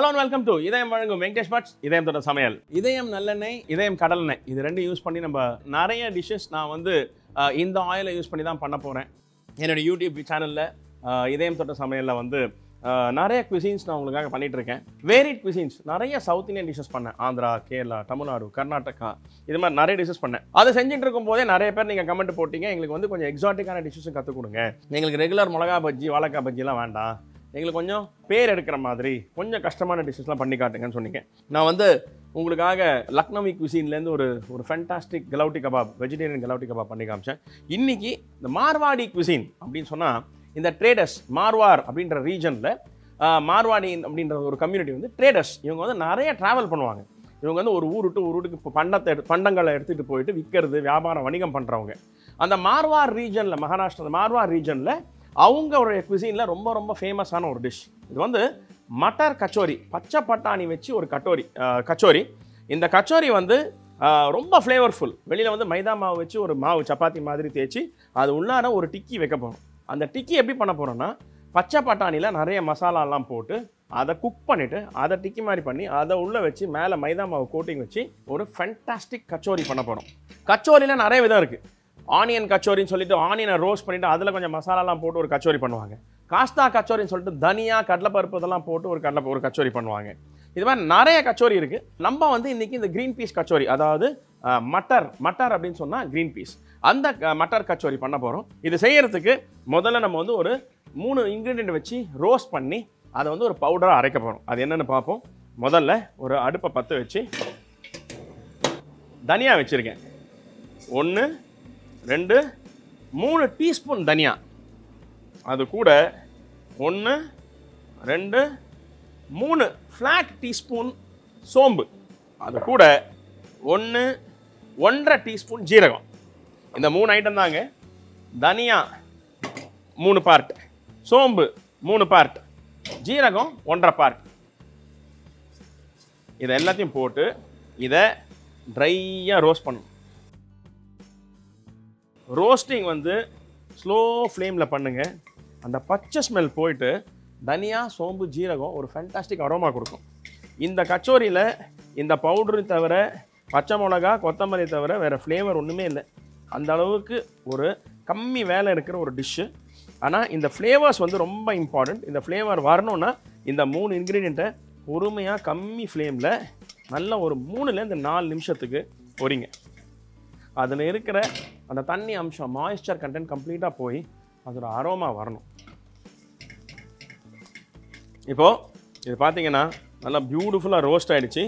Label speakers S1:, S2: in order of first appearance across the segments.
S1: hello welcome to Idhayam வழங்கும் வெங்கடேஷ் பட்ஸ் இதயம் தொட்ட சமையல் இதயம் நல்லெண்ணெய் இதயம் கடலெண்ணெய் இது ரெண்டும் யூஸ் பண்ணி நம்ம நிறைய டிஷ்ஷஸ் நான் வந்து இந்த ஆயிலை யூஸ் பண்ணி தான் பண்ண போகிறேன் என்னுடைய யூடியூப் சேனலில் இதயம் தொட்ட சமையலில் வந்து நிறைய குசின்ஸ் நான் உங்களுக்காக பண்ணிகிட்ருக்கேன் வேரிட் குசின்ஸ் நிறைய சவுத் இந்தியன் டிஷ்ஷஸ் பண்ணேன் ஆந்திரா கேரளா தமிழ்நாடு கர்நாடகா இது மாதிரி நிறைய டிஷ்ஷஸ் பண்ணேன் அதை செஞ்சுட்டு இருக்கும் போதே நிறைய பேர் நீங்கள் கமெண்ட் போட்டிங்க எங்களுக்கு வந்து கொஞ்சம் எக்ஸாட்டிக்கான டிஷ்ஷஸும் கற்றுக் கொடுங்க எங்களுக்கு ரெகுலர் மிளகா பஜ்ஜி வாழைக்காய் பஜ்ஜிலாம் வேண்டாம் எங்களுக்கு கொஞ்சம் பேர் எடுக்கிற மாதிரி கொஞ்சம் கஷ்டமான டிஷஸ்லாம் பண்ணி காட்டுங்கன்னு சொன்னீங்க நான் வந்து உங்களுக்காக லக்னவி குசின்லேருந்து ஒரு ஒரு fantastic galouti kebab vegetarian galouti kebab பண்ணி காமிச்சேன் இன்றைக்கி இந்த மார்வாடி குசின் அப்படின்னு சொன்னால் இந்த ட்ரேடர்ஸ் மார்வார் அப்படின்ற ரீஜனில் மார்வாடி அப்படின்ற ஒரு கம்யூனிட்டி வந்து ட்ரேடர்ஸ் இவங்க வந்து நிறைய ட்ராவல் பண்ணுவாங்க இவங்க வந்து ஒரு ஊர் விட்டு ஒரு ஊருக்கு இப்போ பண்டத்தை எடு பண்டங்களை எடுத்துகிட்டு போயிட்டு விற்கிறது வியாபாரம் வணிகம் பண்ணுறவங்க அந்த மார்வார் ரீஜனில் மகாராஷ்டிரா மார்வார் ரீஜனில் அவங்களுடைய குசினில் ரொம்ப ரொம்ப ஃபேமஸான ஒரு டிஷ் இது வந்து மட்டர் கச்சோரி பச்சை பட்டாணி வச்சு ஒரு கட்டோரி கச்சோரி இந்த கச்சோரி வந்து ரொம்ப ஃப்ளேவர்ஃபுல் வெளியில் வந்து மைதா மாவு வச்சு ஒரு மாவு சப்பாத்தி மாதிரி தேய்ச்சி அது உள்ளார ஒரு டிக்கி வைக்க போகிறோம் அந்த டிக்கி எப்படி பண்ண போகிறோன்னா பச்சை பட்டாணியில் நிறைய மசாலாலாம் போட்டு அதை குக் பண்ணிவிட்டு அதை டிக்கி மாதிரி பண்ணி அதை உள்ளே வச்சு மேலே மைதா மாவு கோட்டிங் வச்சு ஒரு ஃபென்டாஸ்டிக் கச்சோரி பண்ண போகிறோம் கச்சோரியில் நிறைய விதம் இருக்குது ஆனியன் கச்சோரின்னு சொல்லிட்டு ஆனியனை ரோஸ்ட் பண்ணிவிட்டு அதில் கொஞ்சம் மசாலாலாம் போட்டு ஒரு கச்சோரி பண்ணுவாங்க காஸ்தா கச்சோரின்னு சொல்லிட்டு கடலை கடலைப்பருப்பு இதெல்லாம் போட்டு ஒரு கடலை ஒரு கச்சோரி பண்ணுவாங்க இது மாதிரி நிறைய கச்சோரி இருக்குது நம்ம வந்து இன்றைக்கி இந்த க்ரீன் பீஸ் கச்சோரி அதாவது மட்டர் மட்டர் அப்படின்னு சொன்னால் க்ரீன் பீஸ் அந்த மட்டர் கச்சோரி பண்ண போகிறோம் இது செய்கிறதுக்கு முதல்ல நம்ம வந்து ஒரு மூணு இன்க்ரீடியண்ட் வச்சு ரோஸ்ட் பண்ணி அதை வந்து ஒரு பவுடராக அரைக்க போகிறோம் அது என்னென்னு பார்ப்போம் முதல்ல ஒரு அடுப்பை பற்ற வச்சு தனியாக வச்சுருக்கேன் ஒன்று ரெண்டு மூணு டீஸ்பூன் தனியா அது கூட ஒன்று ரெண்டு மூணு ஃப்ளாட் டீஸ்பூன் சோம்பு அது கூட ஒன்று ஒன்றரை டீஸ்பூன் ஜீரகம் இந்த மூணு ஐட்டம் தாங்க தனியா மூணு பார்ட் சோம்பு மூணு பார்ட் ஜீரகம் ஒன்றரை பார்ட் இதை எல்லாத்தையும் போட்டு இதை ட்ரையாக ரோஸ்ட் பண்ணணும் ரோஸ்டிங் வந்து ஸ்லோ ஃப்ளேமில் பண்ணுங்கள் அந்த பச்சை ஸ்மெல் போயிட்டு தனியா சோம்பு ஜீரகம் ஒரு ஃபேண்டாஸ்டிக் அரோமா கொடுக்கும் இந்த கச்சோரியில் இந்த பவுடரு தவிர பச்சை மிளகா கொத்தமல்லி தவிர வேறு ஃப்ளேவர் ஒன்றுமே இல்லை அந்த அளவுக்கு ஒரு கம்மி வேலை இருக்கிற ஒரு டிஷ்ஷு ஆனால் இந்த ஃப்ளேவர்ஸ் வந்து ரொம்ப இம்பார்ட்டண்ட் இந்த ஃப்ளேவர் வரணும்னா இந்த மூணு இன்க்ரீடியண்ட்டை பொறுமையாக கம்மி ஃப்ளேமில் நல்ல ஒரு மூணுலேருந்து நாலு நிமிஷத்துக்கு பொறிங்க அதில் இருக்கிற அந்த தண்ணி அம்சம் மாய்ஸ்சர் கண்டென்ட் கம்ப்ளீட்டாக போய் அதோட அரோமா வரணும் இப்போது இது பார்த்தீங்கன்னா நல்லா பியூட்டிஃபுல்லாக ரோஸ்ட் ஆகிடுச்சு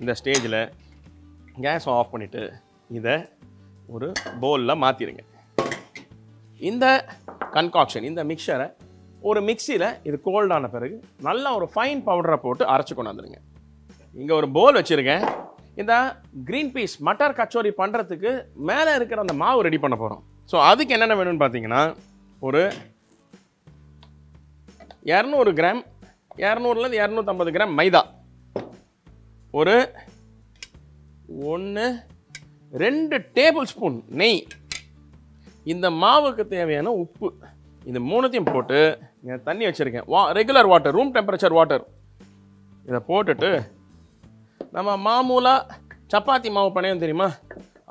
S1: இந்த ஸ்டேஜில் கேஸ் ஆஃப் பண்ணிவிட்டு இதை ஒரு போலில் மாற்றிடுங்க இந்த கன்காக்ஷன் இந்த மிக்சரை ஒரு மிக்சியில் இது கோல்டான பிறகு நல்லா ஒரு ஃபைன் பவுடரை போட்டு அரைச்சி கொண்டாந்துருங்க இங்கே ஒரு போல் வச்சுருக்கேன் இந்த க்ரீன் பீஸ் மட்டர் கச்சோரி பண்ணுறதுக்கு மேலே இருக்கிற அந்த மாவு ரெடி பண்ண போகிறோம் ஸோ அதுக்கு என்னென்ன வேணும்னு பார்த்தீங்கன்னா ஒரு இரநூறு கிராம் இரநூறுலேருந்து இரநூத்தம்பது கிராம் மைதா ஒரு ஒன்று ரெண்டு டேபிள் ஸ்பூன் நெய் இந்த மாவுக்கு தேவையான உப்பு இந்த மூணுத்தையும் போட்டு தண்ணி வச்சுருக்கேன் வா regular water room temperature water இதை போட்டுட்டு நம்ம மாமூலாக சப்பாத்தி மாவு பணையம் தெரியுமா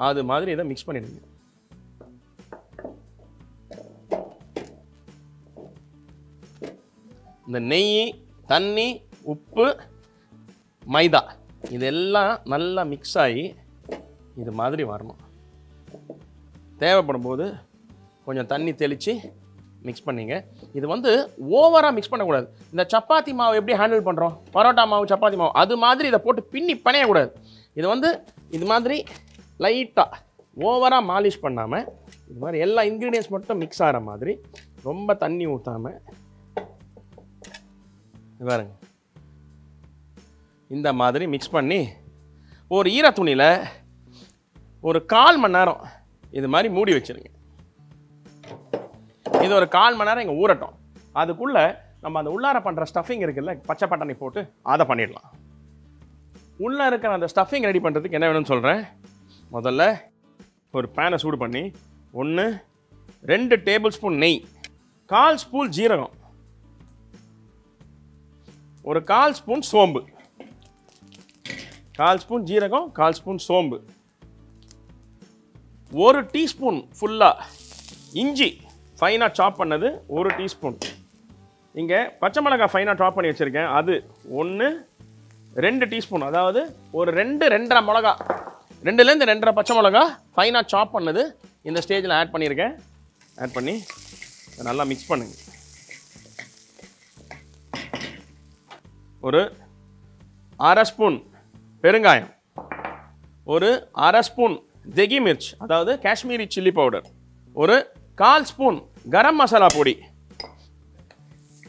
S1: அது மாதிரி இதை மிக்ஸ் பண்ணிடுங்க இந்த நெய் தண்ணி உப்பு மைதா இதெல்லாம் நல்லா மிக்ஸ் ஆகி இது மாதிரி வரணும் தேவைப்படும் போது கொஞ்சம் தண்ணி தெளித்து மிக்ஸ் பண்ணிங்க இது வந்து ஓவராக மிக்ஸ் பண்ணக்கூடாது இந்த சப்பாத்தி மாவு எப்படி ஹேண்டில் பண்ணுறோம் பரோட்டா மாவு சப்பாத்தி மாவு அது மாதிரி இதை போட்டு பின்னி பணையக்கூடாது இது வந்து இது மாதிரி லைட்டாக ஓவராக மாலிஷ் பண்ணாமல் இது மாதிரி எல்லா இன்க்ரீடியன்ஸ் மட்டும் மிக்ஸ் ஆகிற மாதிரி ரொம்ப தண்ணி ஊற்றாமல் பாருங்க இந்த மாதிரி மிக்ஸ் பண்ணி ஒரு ஈர துணியில் ஒரு கால் மணி நேரம் இது மாதிரி மூடி வச்சுருங்க இது ஒரு கால் மணி நேரம் இங்கே ஊறட்டும் அதுக்குள்ளே நம்ம அந்த உள்ளார பண்ணுற ஸ்டஃபிங் இருக்குல்ல பச்சை பட்டாணி போட்டு அதை பண்ணிடலாம் உள்ளே இருக்கிற அந்த ஸ்டஃபிங் ரெடி பண்ணுறதுக்கு என்ன வேணும்னு சொல்கிறேன் முதல்ல ஒரு பேனை சூடு பண்ணி ஒன்று ரெண்டு டேபிள் ஸ்பூன் நெய் கால் ஸ்பூன் ஜீரகம் ஒரு கால் ஸ்பூன் சோம்பு கால் ஸ்பூன் ஜீரகம் கால் ஸ்பூன் சோம்பு ஒரு டீஸ்பூன் ஃபுல்லாக இஞ்சி ஃபைனாக சாப் பண்ணது ஒரு டீஸ்பூன் இங்கே பச்சை மிளகாய் ஃபைனாக சாப் பண்ணி வச்சுருக்கேன் அது ஒன்று ரெண்டு டீஸ்பூன் அதாவது ஒரு ரெண்டு ரெண்டரை மிளகா ரெண்டுலேருந்து ரெண்டரை பச்சை மிளகா ஃபைனாக சாப் பண்ணது இந்த ஸ்டேஜில் ஆட் பண்ணியிருக்கேன் ஆட் பண்ணி நல்லா மிக்ஸ் பண்ணுங்க ஒரு அரை ஸ்பூன் பெருங்காயம் ஒரு அரை ஸ்பூன் ஜெகி மிர்ச் அதாவது காஷ்மீரி சில்லி பவுடர் ஒரு கால் ஸ்பூன் கரம் மசாலா பொடி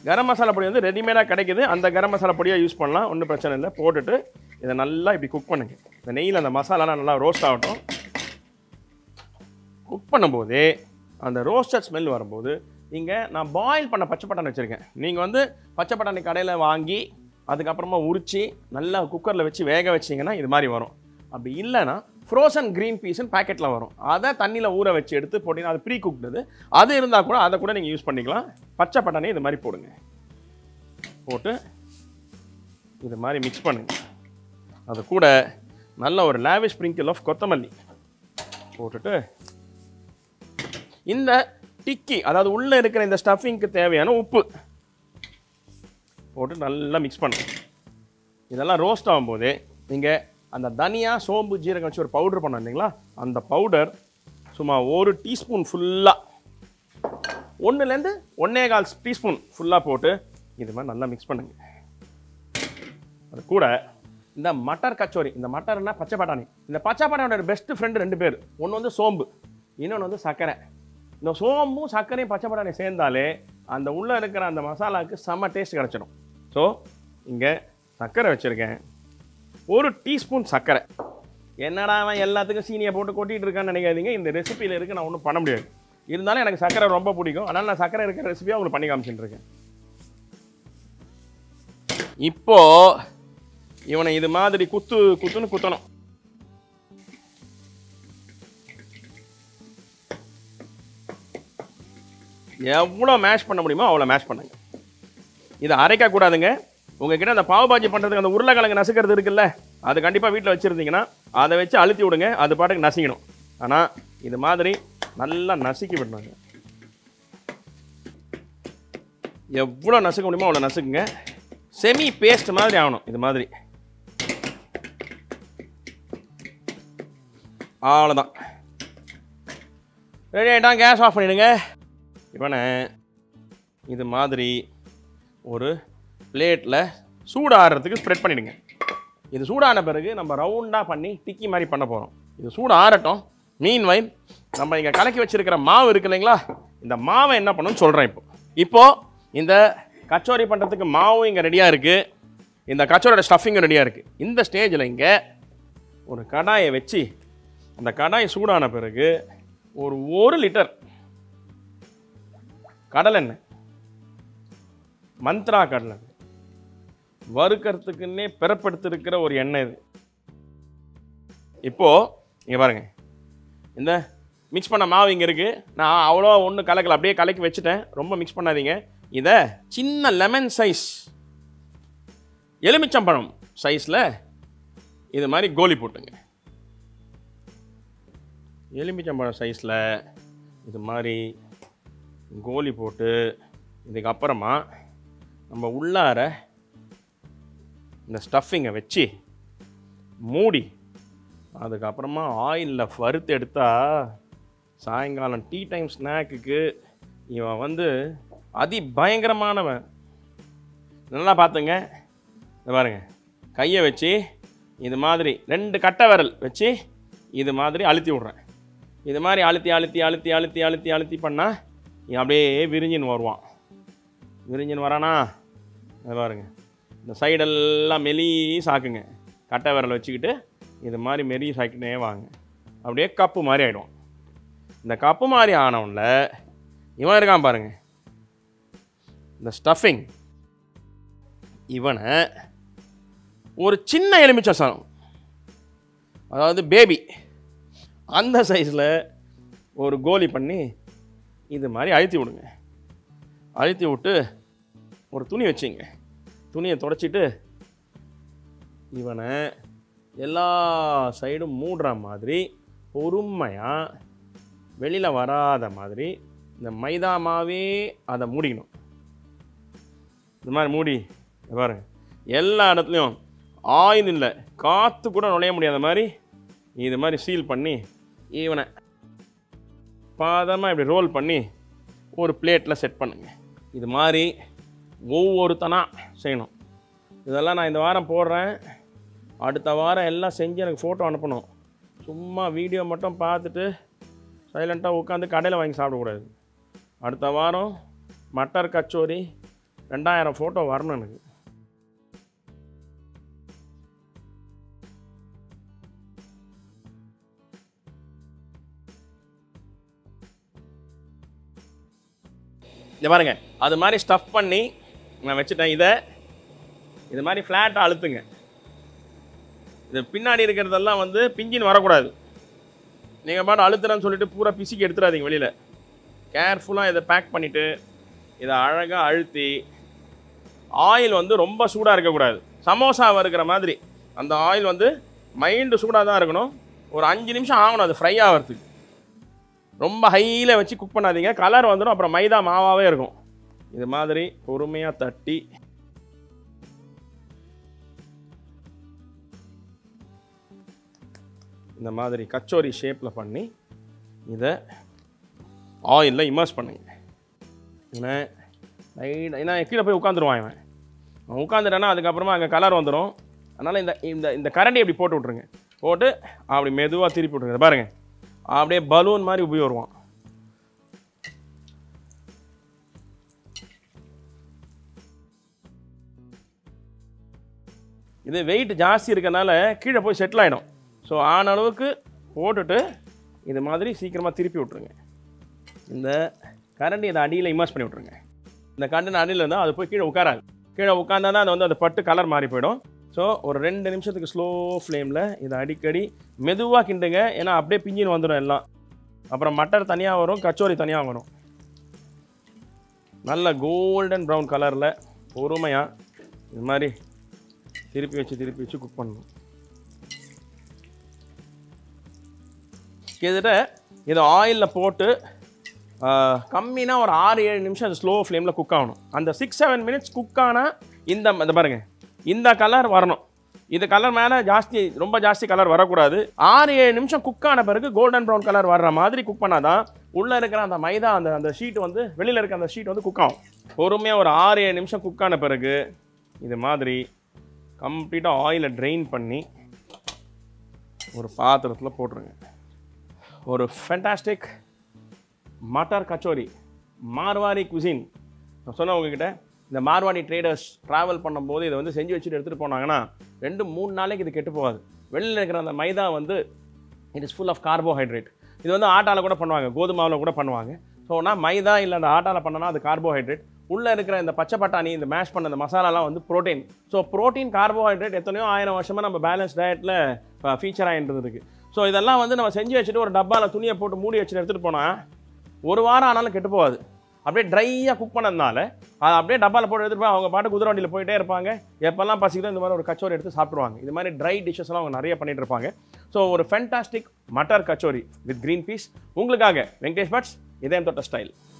S1: கரம் மசாலா பொடி வந்து ரெடிமேடாக கிடைக்கிது அந்த கரம் மசாலா பொடியாக யூஸ் பண்ணலாம் ஒன்றும் பிரச்சனை இல்லை போட்டுட்டு இதை நல்லா இப்படி குக் பண்ணுங்க இந்த நெய்யில் அந்த மசாலாலாம் நல்லா ரோஸ்ட் ஆகட்டும் குக் பண்ணும்போதே அந்த ரோஸ்டட் ஸ்மெல் வரும்போது இங்கே நான் பாயில் பண்ண பச்சை பட்டாணி வச்சுருக்கேன் நீங்கள் வந்து பச்சை பட்டாணி கடையில் வாங்கி அதுக்கப்புறமா உரித்து நல்லா குக்கரில் வச்சு வேக வச்சிங்கன்னா இது மாதிரி வரும் அப்படி இல்லைன்னா ஃப்ரோசன் க்ரீன் பீஸ்னு பேக்கெட்டில் வரும் அதை தண்ணியில் ஊற வச்சு எடுத்து போட்டிங்கன்னா அது ப்ரீ குக்டு அது இருந்தால் கூட அதை கூட நீங்கள் யூஸ் பண்ணிக்கலாம் பச்சை பட்டாணி இது மாதிரி போடுங்க போட்டு இது மாதிரி மிக்ஸ் பண்ணுங்கள் அது கூட நல்ல ஒரு லேவிஷ் ஸ்ப்ரிங்கிள் ஆஃப் கொத்தமல்லி போட்டுட்டு இந்த டிக்கி அதாவது உள்ளே இருக்கிற இந்த ஸ்டஃபிங்க்கு தேவையான உப்பு போட்டு நல்லா மிக்ஸ் பண்ணுங்க இதெல்லாம் ரோஸ்ட் ஆகும்போது நீங்கள் அந்த தனியாக சோம்பு ஜீரகம் வச்சு ஒரு பவுடர் பண்ணோம் இல்லைங்களா அந்த பவுடர் சும்மா ஒரு டீஸ்பூன் ஃபுல்லாக ஒன்றுலேருந்து ஒன்றே கால் டீஸ்பூன் ஃபுல்லாக போட்டு இது மாதிரி நல்லா மிக்ஸ் பண்ணுங்க அது கூட இந்த மட்டர் கச்சோரி இந்த மட்டர்னால் பச்சை பட்டாணி இந்த பச்சை பட்டாணியோட பெஸ்ட் ஃப்ரெண்டு ரெண்டு பேர் ஒன்று வந்து சோம்பு இன்னொன்று வந்து சர்க்கரை இந்த சோம்பும் சர்க்கரையும் பச்சை பட்டாணி சேர்ந்தாலே அந்த உள்ளே இருக்கிற அந்த மசாலாவுக்கு செம்ம டேஸ்ட் கிடச்சிடும் ஸோ இங்கே சர்க்கரை வச்சுருக்கேன் ஒரு டீஸ்பூன் சர்க்கரை என்னடா அவன் எல்லாத்துக்கும் சீனியை போட்டு கொட்டிகிட்டு இருக்கான்னு நினைக்காதீங்க இந்த ரெசிபியில் இருக்குது நான் ஒன்றும் பண்ண முடியாது இருந்தாலும் எனக்கு சர்க்கரை ரொம்ப பிடிக்கும் அதனால் நான் சர்க்கரை இருக்கிற ரெசிபியாக உங்களுக்கு பண்ணி காமிச்சுட்டுருக்கேன் இப்போது இவனை இது மாதிரி குத்து குத்துன்னு குத்தணும் எவ்வளோ மேஷ் பண்ண முடியுமோ அவ்வளோ மேஷ் பண்ணுங்க இதை அரைக்கக்கூடாதுங்க உங்ககிட்ட அந்த பாவ பாஜி பண்ணுறதுக்கு அந்த உருளைக்கிழங்கு நசுக்கிறது இருக்குல்ல அது கண்டிப்பாக வீட்டில் வச்சுருந்தீங்கன்னா அதை வச்சு அழுத்தி விடுங்க அது பாட்டுக்கு நசிக்கணும் ஆனால் இது மாதிரி நல்லா நசுக்கி விடணுங்க எவ்வளோ நசுக்க முடியுமோ அவ்வளோ நசுக்குங்க செமி பேஸ்ட் மாதிரி ஆகணும் இது மாதிரி அவ்வளோதான் ரெடி ஆகிட்டான் கேஸ் ஆஃப் பண்ணிவிடுங்க இவனை இது மாதிரி ஒரு பிளேட்டில் சூடாகிறதுக்கு ஸ்ப்ரெட் பண்ணிவிடுங்க இது சூடான பிறகு நம்ம ரவுண்டாக பண்ணி டிக்கி மாதிரி பண்ண போகிறோம் இது சூடு ஆறட்டும் மீன் வைன் நம்ம இங்கே கலக்கி வச்சுருக்கிற மாவு இருக்கு இல்லைங்களா இந்த மாவை என்ன பண்ணணும்னு சொல்கிறேன் இப்போ இப்போது இந்த கச்சோரி பண்ணுறதுக்கு மாவும் இங்கே ரெடியாக இருக்குது இந்த கச்சோரியோட ஸ்டஃபிங்கும் ரெடியாக இருக்குது இந்த ஸ்டேஜில் இங்கே ஒரு கடாயை வச்சு அந்த கடாயை சூடான பிறகு ஒரு ஒரு லிட்டர் கடலெண்ணெய் மந்த்ரா கடலெண்ணெய் வறுக்கிறதுக்குன்னே பிறப்படுத்திருக்கிற ஒரு எண்ணெய் இது இப்போது இங்கே பாருங்கள் இந்த மிக்ஸ் பண்ண மாவு இங்கே இருக்குது நான் அவ்வளோ ஒன்றும் கலக்கல அப்படியே கலக்கி வச்சுட்டேன் ரொம்ப மிக்ஸ் பண்ணாதீங்க இதை சின்ன லெமன் சைஸ் எலுமிச்சம்பழம் சைஸில் இது மாதிரி கோலி போட்டுங்க எலுமிச்சம்பழம் சைஸில் இது மாதிரி கோலி போட்டு இதுக்கப்புறமா நம்ம உள்ளார இந்த ஸ்டஃபிங்கை வச்சு மூடி அதுக்கப்புறமா ஆயிலில் வறுத்து எடுத்தால் சாயங்காலம் டீ டைம் ஸ்நாக்குக்கு இவன் வந்து அதி பயங்கரமானவன் நல்லா பார்த்துங்க இந்த பாருங்கள் கையை வச்சு இது மாதிரி ரெண்டு கட்டை விரல் வச்சு இது மாதிரி அழுத்தி விட்றேன் இது மாதிரி அழுத்தி அழுத்தி அழுத்தி அழுத்தி அழுத்தி அழுத்தி பண்ணால் அப்படியே விரிஞ்சின்னு வருவான் விரிஞ்சின்னு வரானா பாருங்கள் இந்த சைடெல்லாம் மெலிசாக்குங்க கட்டை விரல் வச்சுக்கிட்டு இது மாதிரி மெலிசாக்கிட்டே வாங்க அப்படியே கப்பு மாதிரி ஆகிடும் இந்த கப்பு மாதிரி ஆனவனில் இவன் இருக்கான் பாருங்கள் இந்த ஸ்டஃபிங் இவனை ஒரு சின்ன எலுமிச்சை சாணம் அதாவது பேபி அந்த சைஸில் ஒரு கோலி பண்ணி இது மாதிரி அழுத்தி விடுங்க அழுத்தி விட்டு ஒரு துணி வச்சுங்க துணியை தொடச்சிட்டு இவனை எல்லா சைடும் மூடுற மாதிரி பொறுமையாக வெளியில் வராத மாதிரி இந்த மைதா மாவே அதை மூடிக்கணும் இந்த மாதிரி மூடி பாருங்க எல்லா இடத்துலையும் ஆயுதம் இல்லை காற்று கூட நுழைய முடியாத மாதிரி இது மாதிரி சீல் பண்ணி ஈவனை பாதமாக இப்படி ரோல் பண்ணி ஒரு பிளேட்டில் செட் பண்ணுங்கள் இது மாதிரி ஒவ்வொருத்தனாக செய்யணும் இதெல்லாம் நான் இந்த வாரம் போடுறேன் அடுத்த வாரம் எல்லாம் செஞ்சு எனக்கு ஃபோட்டோ அனுப்பணும் சும்மா வீடியோ மட்டும் பார்த்துட்டு சைலண்ட்டாக உட்காந்து கடையில் வாங்கி சாப்பிடக்கூடாது அடுத்த வாரம் மட்டர் கச்சோரி ரெண்டாயிரம் ஃபோட்டோ வரணும் எனக்கு இந்த பாருங்க அது மாதிரி ஸ்டஃப் பண்ணி நான் வச்சுட்டேன் இதை இது மாதிரி ஃப்ளாட்டாக அழுத்துங்க இது பின்னாடி இருக்கிறதெல்லாம் வந்து பிஞ்சின்னு வரக்கூடாது நீங்கள் பாட்டு அழுத்துறேன்னு சொல்லிட்டு பூரா பிசிக்கு எடுத்துடாதீங்க வெளியில் கேர்ஃபுல்லாக இதை பேக் பண்ணிவிட்டு இதை அழகாக அழுத்தி ஆயில் வந்து ரொம்ப சூடாக இருக்கக்கூடாது சமோசா இருக்கிற மாதிரி அந்த ஆயில் வந்து மைண்டு சூடாக தான் இருக்கணும் ஒரு அஞ்சு நிமிஷம் ஆகணும் அது ஃப்ரை ஆகிறதுக்கு ரொம்ப ஹையில் வச்சு குக் பண்ணாதீங்க கலர் வந்துடும் அப்புறம் மைதா மாவாகவே இருக்கும் இது மாதிரி பொறுமையாக தட்டி இந்த மாதிரி கச்சோரி ஷேப்பில் பண்ணி இதை ஆயிலில் இமர்ஸ் பண்ணுங்க ஏன்னா லைட் ஏன்னா கீழே போய் உட்காந்துருவான் இவன் அவன் உட்காந்துட்டேன்னா அதுக்கப்புறமா அங்கே கலர் வந்துடும் அதனால் இந்த இந்த இந்த கரண்டி அப்படி போட்டு விட்ருங்க போட்டு அப்படி மெதுவாக திருப்பி விட்ருங்க பாருங்கள் அப்படியே பலூன் மாதிரி உபயோகம் இது வெயிட் ஜாஸ்தி இருக்கிறனால கீழே போய் செட்டில் ஆகிடும் ஸோ ஆன அளவுக்கு போட்டுட்டு இது மாதிரி சீக்கிரமாக திருப்பி விட்ருங்க இந்த கரண்டி இதை அடியில் இமர்ஸ் பண்ணி விட்ருங்க இந்த கரண்ட் அடியில் இருந்தால் அது போய் கீழே உட்காராது கீழே உட்காந்தா தான் அது வந்து அது பட்டு கலர் மாறி போயிடும் ஸோ ஒரு ரெண்டு நிமிஷத்துக்கு ஸ்லோ ஃப்ளேமில் இதை அடிக்கடி மெதுவாக கிண்டுங்க ஏன்னா அப்படியே பிஞ்சின்னு வந்துடும் எல்லாம் அப்புறம் மட்டர் தனியாக வரும் கச்சோரி தனியாக வரும் நல்ல கோல்டன் ப்ரௌன் கலரில் பொறுமையாக இது மாதிரி திருப்பி வச்சு திருப்பி வச்சு குக் பண்ணணும் கிட்டத்தட்ட இதை ஆயிலில் போட்டு கம்மினா ஒரு ஆறு ஏழு நிமிஷம் அது ஸ்லோ ஃப்ளேமில் குக் ஆகணும் அந்த சிக்ஸ் செவன் மினிட்ஸ் குக் ஆனால் இந்த இந்த பாருங்கள் இந்த கலர் வரணும் இது கலர் மேலே ஜாஸ்தி ரொம்ப ஜாஸ்தி கலர் வரக்கூடாது ஆறு ஏழு நிமிஷம் குக் ஆன பிறகு கோல்டன் ப்ரௌன் கலர் வர்ற மாதிரி குக் பண்ணாதான் உள்ளே இருக்கிற அந்த மைதா அந்த அந்த ஷீட் வந்து வெளியில் இருக்கிற அந்த ஷீட் வந்து குக் ஆகும் பொறுமையாக ஒரு ஆறு ஏழு நிமிஷம் குக் ஆன பிறகு இது மாதிரி கம்ப்ளீட்டாக ஆயிலை ட்ரெயின் பண்ணி ஒரு பாத்திரத்தில் போட்டுருங்க ஒரு ஃபென்டாஸ்டிக் மட்டார் கச்சோரி மார்வாரி குசின் நான் சொன்னேன் உங்ககிட்ட இந்த மார்வாடி ட்ரேடர்ஸ் ட்ராவல் பண்ணும்போது இதை வந்து செஞ்சு வச்சுட்டு எடுத்துகிட்டு போனாங்கன்னா ரெண்டு மூணு நாளைக்கு இது கெட்டு போகாது வெளியில் இருக்கிற அந்த மைதா வந்து it is full of carbohydrate இது வந்து ஆட்டாவில் கூட பண்ணுவாங்க கோதுமாவில் கூட பண்ணுவாங்க ஸோ நான் மைதா இல்லை அந்த ஆட்டாவில் பண்ணோன்னா அது கார்போஹைட்ரேட் உள்ளே இருக்கிற இந்த பச்சை பட்டாணி இந்த மேஷ் பண்ண இந்த மசாலாலாம் வந்து ப்ரோட்டீன் ஸோ ப்ரோட்டீன் கார்போஹைட்ரேட் எத்தனையோ ஆயிரம் வருஷமாக நம்ம பேலன்ஸ் டயட்டில் ஃபீச்சர் ஆகிட்டு இருக்குது ஸோ இதெல்லாம் வந்து நம்ம செஞ்சு வச்சுட்டு ஒரு டப்பாவில் துணியை போட்டு மூடி வச்சுட்டு எடுத்துகிட்டு போனால் ஒரு வாரம் ஆனாலும் கெட்டு போகாது அப்படியே ட்ரையாக குக் பண்ணதுனால அதை அப்படியே டப்பாவில் போட்டு எடுத்துகிட்டு அவங்க பாட்டு குதிரை வண்டியில் போயிட்டே இருப்பாங்க எப்போல்லாம் பசிக்கிறோம் இந்த மாதிரி ஒரு கச்சோரி எடுத்து சாப்பிடுவாங்க இது மாதிரி ட்ரை டிஷ்ஷஸ்லாம் அவங்க நிறைய பண்ணிகிட்டு இருப்பாங்க ஸோ ஒரு fantastic matar kachori with green peas உங்களுக்காக வெங்கடேஷ் பட்ஸ் இதயம் தொட்ட ஸ்டைல்